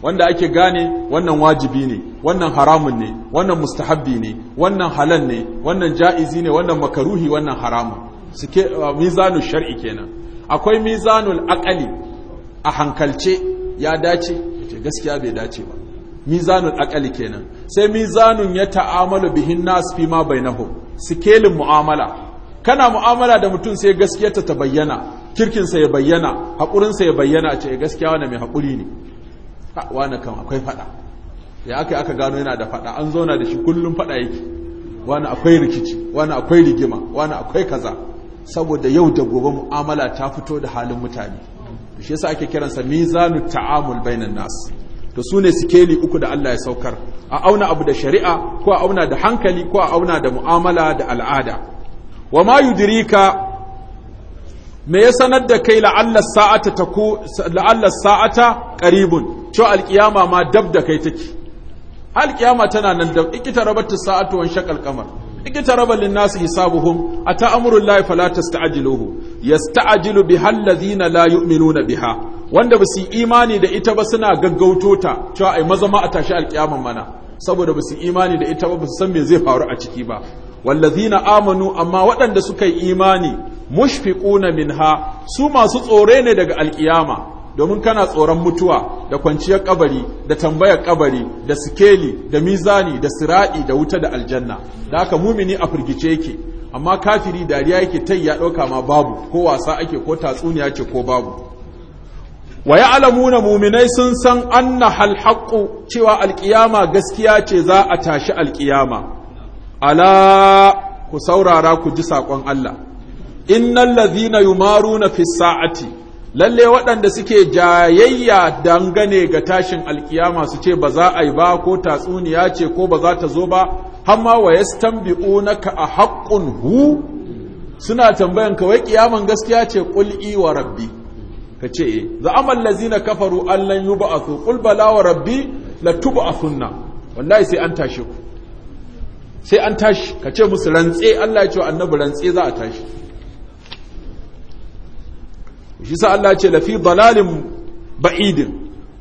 Speaker 1: wanda ake gane wannan wajibi ne wannan haramun ne wannan mustahabbi ne wannan halal ne wannan ja'izi ne wannan makaruhi wannan haramun sike uh, mizanu shar'i kenan akwai mizanul akali a hankalce ya dace yace gaskiya bai dace ba mizanul akali kenan sai mizanun ya ta'amalu bihin nas fi ma bainahum sikelin mu'amala kana mu'amala da mutum sai gaskiyarta ta bayyana kirkinsa ya bayyana haƙurinsa ya bayyana a ce eh, gaskiya wane mai haƙuri ne wani kan akwai faɗa ya aka aka gano yana da faɗa an zauna da shi kullum faɗa yake wani akwai rikici wani akwai rigima wani akwai kaza saboda yau da gobe mu'amala ta fito da halin mutane shi yasa ake kiransa mizanu ta'amul bainan nas to sune sikeli uku da Allah ya saukar a auna abu da shari'a ko a auna da hankali ko a auna da mu'amala da al'ada wa ma yudrika me ya sanar da kai la'alla sa'ata ƙaribun? la'alla sa'ata qaribun cewa alkiyama ma dabda da kai take alkiyama tana nan da ikita rabatu sa'atu wan shaqal qamar اقترب للناس hisabuhum أتى أمر الله فلا تستعجلوه يستعجل biha الذين لا يؤمنون biha. wanda ba su imani da ita ba suna gaggauto ta cewa ai maza ma a tashi alƙiyaman mana saboda ba su imani da ita ba ba su san me zai faru a ciki ba wallazina amanu amma waɗanda suka yi imani mushfiquna minha su masu tsore ne daga alƙiyama domin kana tsoron mutuwa da kwanciyar kabari da tambayar kabari da sikeli da mizani da sira'i da wuta da aljanna da haka mumini a firgice yake amma kafiri dariya yake tai ya dauka ma babu ko wasa ake ko tatsuniya ce ko babu wa ya'lamuna muminai sun san anna hal haqqu cewa alqiyama gaskiya ce za a tashi alqiyama ala ku saurara ku ji saƙon Allah innal ladhina yumaruna fis sa'ati lalle waɗanda suke jayayya dangane ga tashin alkiyama su ce ba za a yi ba ko tatsuniya ce ko ba za ta zo ba hamma wa yastanbi'unaka a haƙƙun hu suna tambayan kawai wai kiyaman gaskiya ce ƙuli wa rabbi ce e eh, za amal lazina kafaru an lan a so bala wa rabbi a latub'athunna wallahi sai an tashi ku sai an tashi Ka ce musu rantse Allah ya ce annabi rantse za a tashi shi sa Allah ce lafi dalalin ba'idin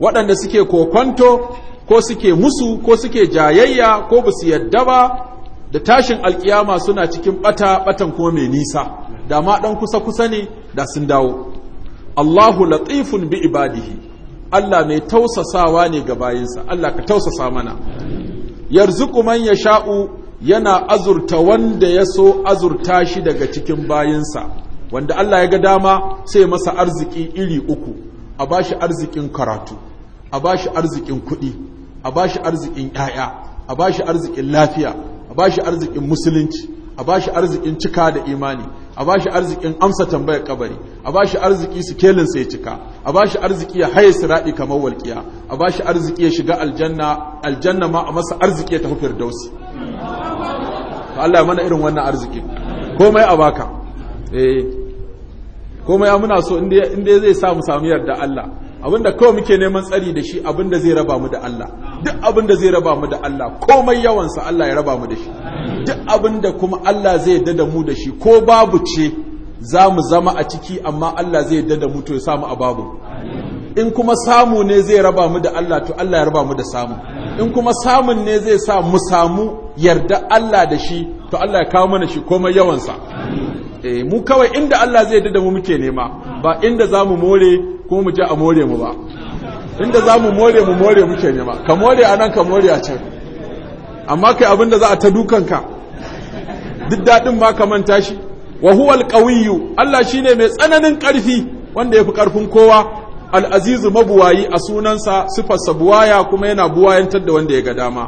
Speaker 1: waɗanda suke kokonto ko suke musu ko suke jayayya ko ba su yadda ba da tashin alkiyama suna cikin bata batan kuma mai nisa da ma ɗan kusa-kusa ne da sun dawo Allahu latifun bi ibadihi Allah mai tausasawa ne ga bayinsa Allah ka tausasa mana yarzuku man sha'u yana azurta wanda ya so azurta shi daga cikin bayinsa wanda Allah ya ga dama sai masa arziki iri uku a bashi arzikin karatu a bashi arzikin kuɗi a bashi arzikin ƴaƴa a bashi arzikin lafiya a bashi arzikin musulunci a bashi arzikin cika da imani a bashi arzikin amsa tambayar kabari a bashi arziki su kelin sai cika a bashi arziki ya haye siradi kamar walƙiya a bashi arziki ya shiga aljanna aljanna ma a masa arziki ya tafi firdausi to Allah ya mana irin wannan arziki komai a baka eh komai ya muna so inda zai sa mu samu yarda Allah abinda kawai muke neman tsari da shi abinda zai raba mu da Allah duk abinda zai raba mu da Allah komai yawansa Allah ya raba mu da shi duk abinda kuma Allah zai dada da mu da shi ko babu ce za mu zama a ciki amma Allah zai dada da mu to ya samu a babu in kuma samu ne zai raba mu da Allah to Allah ya raba mu da samu in kuma samun ne zai sa mu samu yarda Allah da shi to Allah ya kawo mana shi komai yawansa eh mu kawai inda Allah zai dada mu muke nema ba inda zamu more ko mu je a more mu ba inda zamu more mu more muke nema ka more anan ka more a can amma kai abinda za a ta dukanka duk dadin ma ka manta shi wa huwa alqawiyyu Allah shine mai tsananin ƙarfi wanda yafi ƙarfin kowa al'azizu mabuwayi a sunansa sifarsa buwaya kuma yana buwayantar da wanda ya ga dama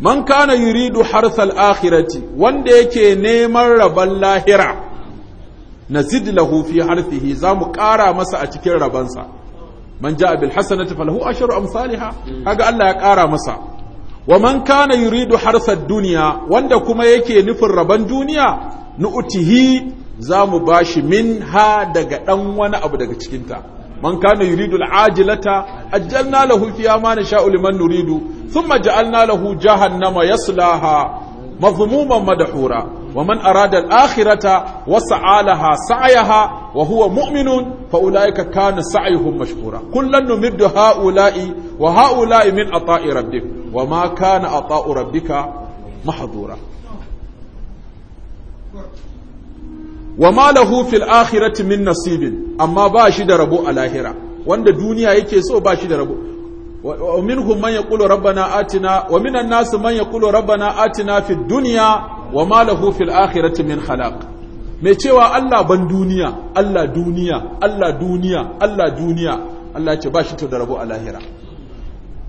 Speaker 1: man kana yuridu harsal akhirati wanda yake neman rabon lahira nazid lahu fi harfihi za mu ƙara masa a cikin rabansa man ja bil hasanati a asharu amsaliha kaga Allah ya ƙara masa wa man kana yuridu harsad duniya wanda kuma yake nufin rabon duniya nu'utihi za mu bashi minha daga ɗan wani abu daga cikinta man kana yuridu al'ajilata ajjalna lahu fiha ma nasha'u liman nuridu thumma ja'alna lahu jahannama yaslaha mazmuman madhura wa man arada al-akhirata wa sa'alaha sa'yaha wa huwa mu'minun fa ulaika kana sa'yuhum mashkura kullan numiddu ha'ula'i wa ha'ula'i min ata'i rabbik wa ma kana ata'u rabbika mahdura wa ma lahu fil akhirati min nasibin amma ba shi da rabo a lahira wanda duniya yake so ba shi da rabo ومنهم من يقول ربنا آتنا ومن الناس من يقول ربنا آتنا في الدنيا wa ma lahu fil akhirati min khalaq mai cewa Allah ban duniya Allah duniya Allah duniya Allah duniya Allah ce ba shi to da rabo a lahira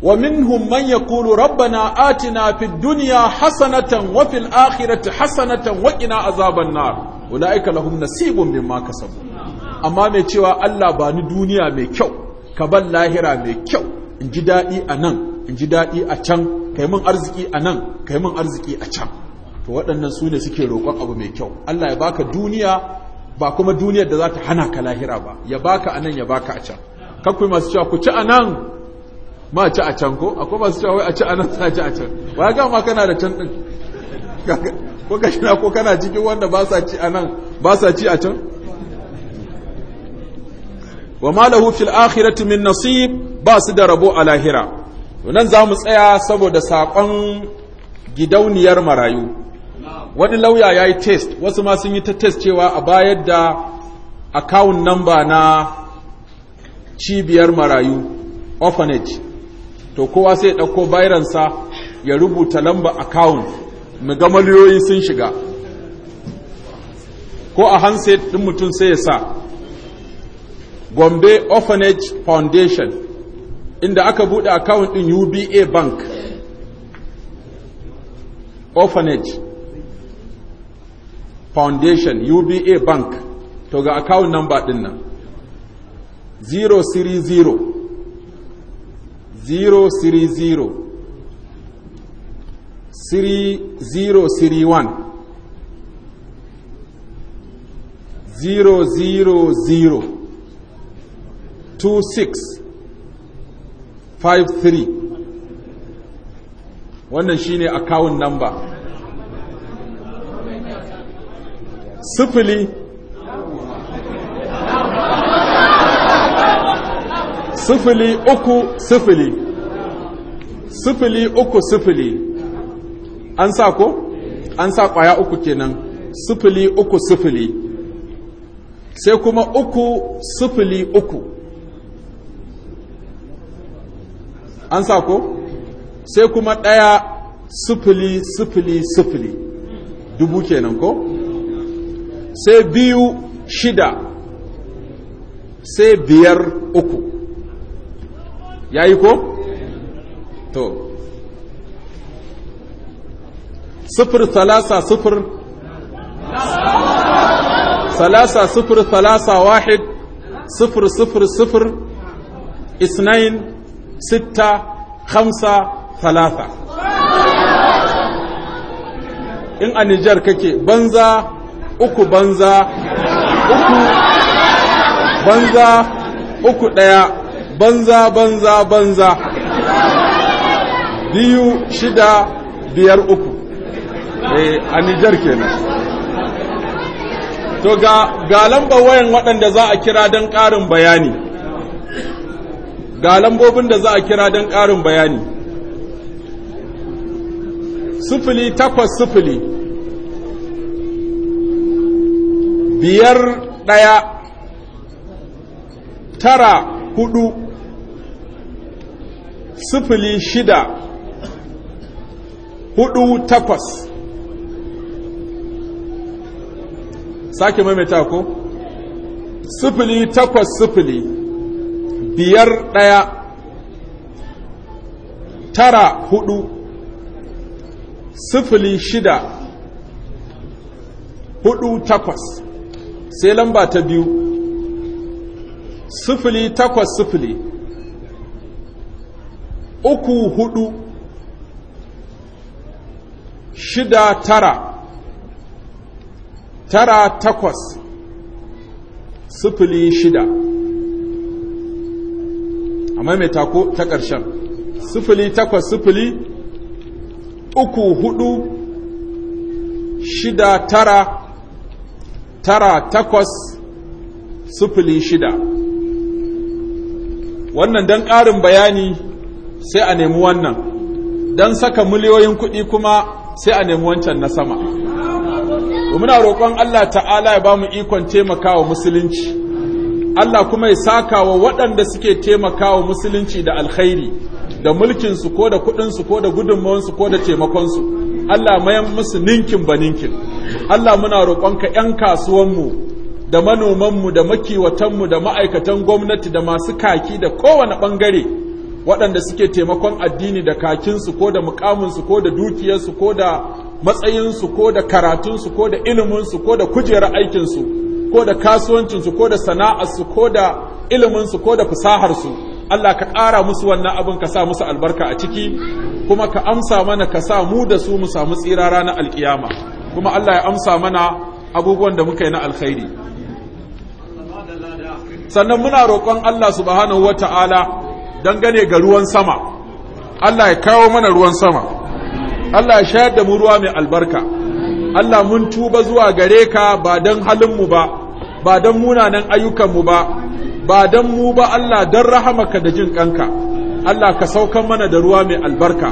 Speaker 1: wa minhum man yaqulu rabbana atina fid dunya hasanatan wa fil akhirati hasanatan wa qina azaban nar ulaika lahum nasibun mimma kasabu amma mai cewa Allah ba ni duniya mai kyau ka ban lahira mai kyau in ji dadi a nan in ji dadi a can kai mun arziki a nan kai mun arziki a can to waɗannan su ne suke roƙon abu mai kyau Allah ya baka duniya ba kuma duniyar da za ta hana ka lahira ba ya baka anan ya baka a can kakwai masu cewa ku ci anan ma ci a can ko akwai masu cewa wai a ci anan sa ci a can ba ga ma kana da can din ko ka na ko kana cikin wanda ba sa ci anan ba sa ci a can wa ma lahu fil akhirati min nasib ba su da rabo a lahira nan za mu tsaya saboda saƙon gidauniyar marayu wani lauya ya yi test wasu ma sun yi ta test cewa a bayar da account number na cibiyar marayu orphanage to kowa sai ya ɗauko sa ya rubuta lamba account mu ga miliyoyi sun shiga ko a handset ɗin mutum sai ya sa gombe orphanage foundation inda aka buɗe account ɗin uba bank orphanage foundation uba bank to ga account number din nan 0 siri 0 0 siri 0 0 wannan shine account number sifili sifili uku sifili sifili uku sifili an sa ko? an sa kwaya uku kenan sifili uku sifili sai kuma uku sifili uku an sa ko? sai kuma ɗaya sifili sifili sifili dubu kenan ko? sai biyu shida sai biyar uku ya yi ko? to sufur salasa sufur salasa sufur salasa wahid sufur sufur sufur isnain sita khamsa salasa in a nijar kake banza uku banza
Speaker 3: uku banza
Speaker 1: uku ɗaya banza banza banza biyu shida biyar uku eh, a nijar kenan to ga ga lambar wayan waɗanda za a kira don ƙarin bayani ga lambobin da za a kira don ƙarin bayani sufili takwas sufili biyar ɗaya tara hudu sifili shida hudu takwas sake maimaita ko sifili takwas sifili biyar ɗaya tara hudu sifili shida hudu takwas sai lamba ta biyu sufili takwas sufili uku hudu shida tara tara takwas sufili shida amma mai tako ta ƙarshen sufili takwas sufili uku hudu shida tara tara takwas sufili shida wannan don ƙarin bayani sai a nemi wannan don saka miliyoyin kuɗi kuma sai a nemi wancan na sama muna roƙon Allah ta'ala ya ba mu ikon taimakawa musulunci Allah kuma ya saka wa waɗanda suke taimakawa musulunci da alkhairi da mulkinsu ko da kuɗinsu ko da gudunmawansu ko da taimakonsu Allah mayan musu ninkin ba ninkin Allah muna roƙonka ‘yan kasuwanmu da manomanmu da makiwatanmu da ma'aikatan gwamnati da masu kaki da kowane ɓangare waɗanda suke taimakon addini da kakinsu ko da mukaminsu ko da dukiyarsu ko da matsayinsu ko da karatunsu ko da iliminsu ko da kujerar aikinsu ko da kasuwancinsu ko da sana'arsu ko da iliminsu ko da fasaharsu Allah ka ƙara musu wannan abin ka sa musu albarka a ciki kuma ka amsa mana ka sa mu da su mu samu tsira ranar alƙiyama. kuma Allah ya amsa mana abubuwan da muka yi na alkhairi sannan muna roƙon Allah subhanahu wata'ala gane ga ruwan sama Allah ya kawo mana ruwan sama Allah ya shayar da mu ruwa mai albarka Allah mun tuba zuwa gare ka ba don halinmu ba ba don munanan ayyukanmu ba ba don mu ba Allah don ka da jin kanka Allah ka saukan mana da ruwa mai albarka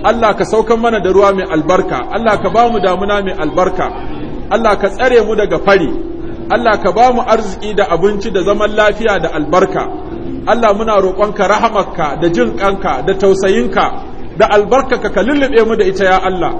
Speaker 1: Allah ka saukan mana da ruwa mai albarka Allah ka ba mu damuna mai albarka Allah ka tsare mu daga fari Allah ka ba mu arziki da abinci da zaman lafiya da albarka Allah muna roƙonka rahamarka da jin ƙanka da tausayinka da albarka ka lullube mu da ita ya Allah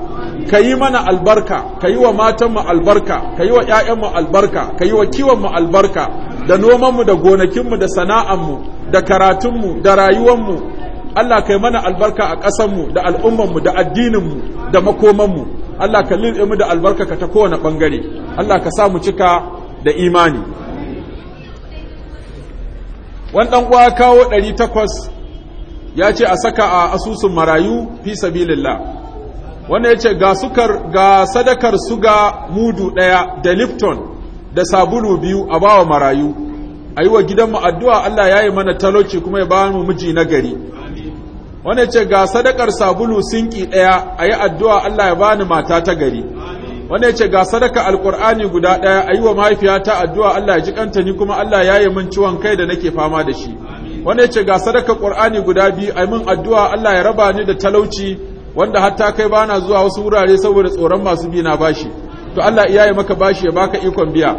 Speaker 1: ka yi mana albarka ka yi wa matanmu albarka ka yi wa ‘ya'yanmu albarka ka yi wa kiwonmu albarka da nomanmu da gonakinmu da sana'anmu da karatunmu da rayuwanmu Allah kai mana albarka a ƙasanmu da al'ummanmu da addininmu da makomanmu Allah ka lirɗe mu da albarka ka ta kowane ɓangare Allah ka samu cika da imani wannan uwa kawo takwas ya ce a saka a asusun marayu fi sabilillah wanda ya ce ga sukar ga sadakar suga mudu ɗaya da lipton da sabulu biyu a bawa marayu a yi wa gidanmu addu'a Allah ya yi mana talauci kuma ya ba mu miji na gari wani ce ga sadakar sabulu sinki ɗaya a yi addu'a Allah ya bani mata ta gari wani ce ga sadaka alƙur'ani guda ɗaya a yi wa mahaifiyata addu'a Allah ya ji kanta ni kuma Allah ya yi min ciwon kai da nake fama da shi wani ce ga sadaka ƙur'ani guda biyu a yi min addu'a Allah ya raba ni da talauci wanda hatta kai bana zuwa wasu wurare saboda tsoron masu bi na bashi to Allah iya yi maka bashi ya baka ikon biya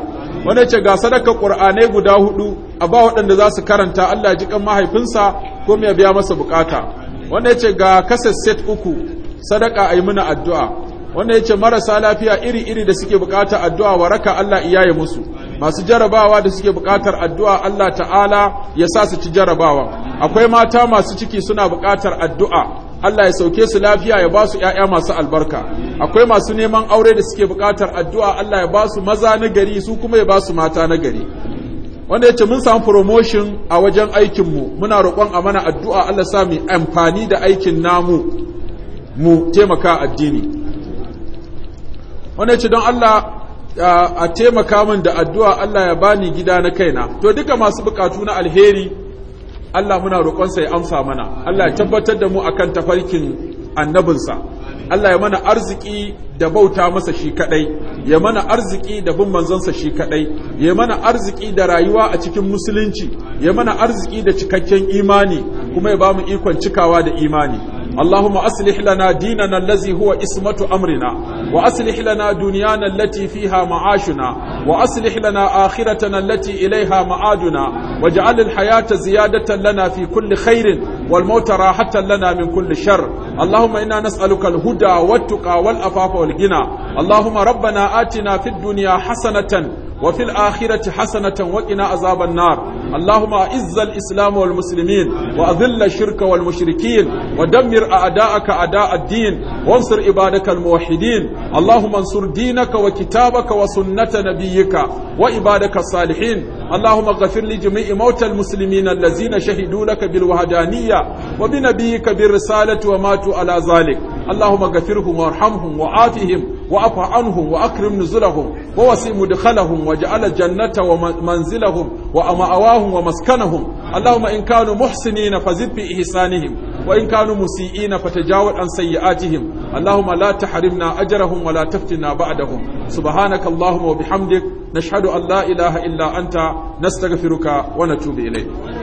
Speaker 1: wani ce ga sadaka ƙur'anai guda hudu a ba waɗanda za su karanta Allah ya ji kan mahaifinsa ko ya biya masa bukata wanda ya ce ga kasasset uku sadaka a yi muna addu'a wanda ya ce marasa lafiya iri-iri da suke bukatar addu'a waraka Allah iyaye musu masu jarabawa da suke bukatar addu'a Allah ta'ala ya sa su ci jarabawa akwai mata masu ciki suna bukatar addu'a Allah ya sauke su lafiya ya ba su ‘ya'ya masu albarka akwai masu neman aure da suke bukatar addu'a Allah ya ba su maza na gari su kuma ya ba su mata na gari wanda ya ce mun samu promotion a wajen aikinmu muna roƙon a mana addu'a Allah sami amfani da aikin namu mu taimaka addini wanda ya ce don Allah a taimaka min da addu'a Allah ya bani gida na kaina to duka masu bukatu na alheri Allah muna roƙonsa ya amsa mana Allah ya tabbatar da mu akan tafarkin annabinsa Allah ya mana arziki da bauta masa shi kadai ya mana arziki da bin manzonsa shi kadai ya mana arziki da rayuwa a cikin musulunci ya mana arziki da cikakken imani kuma ya bamu ikon cikawa da imani اللهم أصلح لنا ديننا الذي هو اسمة أمرنا وأصلح لنا دنيانا التي فيها معاشنا وأصلح لنا آخرتنا التي إليها معادنا واجعل الحياة زيادة لنا في كل خير والموت راحة لنا من كل شر اللهم إنا نسألك الهدى والتقى والأفاف والغنى اللهم ربنا آتنا في الدنيا حسنة وفي الآخرة حسنة وقنا عذاب النار اللهم أعز الإسلام والمسلمين وأذل الشرك والمشركين ودمر أعداءك أعداء الدين وانصر عبادك الموحدين اللهم انصر دينك وكتابك وسنة نبيك وعبادك الصالحين اللهم اغفر لجميع موتى المسلمين الذين شهدوا لك بالوحدانية وبنبيك بالرسالة وماتوا على ذلك اللهم اغفرهم وارحمهم وعافهم وأفع عنهم وأكرم نزلهم ووسع مدخلهم وجعل الجنة ومنزلهم وأمأواهم ومسكنهم اللهم إن كانوا محسنين فزد بإحسانهم وإن كانوا مسيئين فتجاوز عن سيئاتهم اللهم لا تحرمنا أجرهم ولا تفتنا بعدهم سبحانك اللهم وبحمدك نشهد أن لا إله إلا أنت نستغفرك ونتوب
Speaker 3: إليك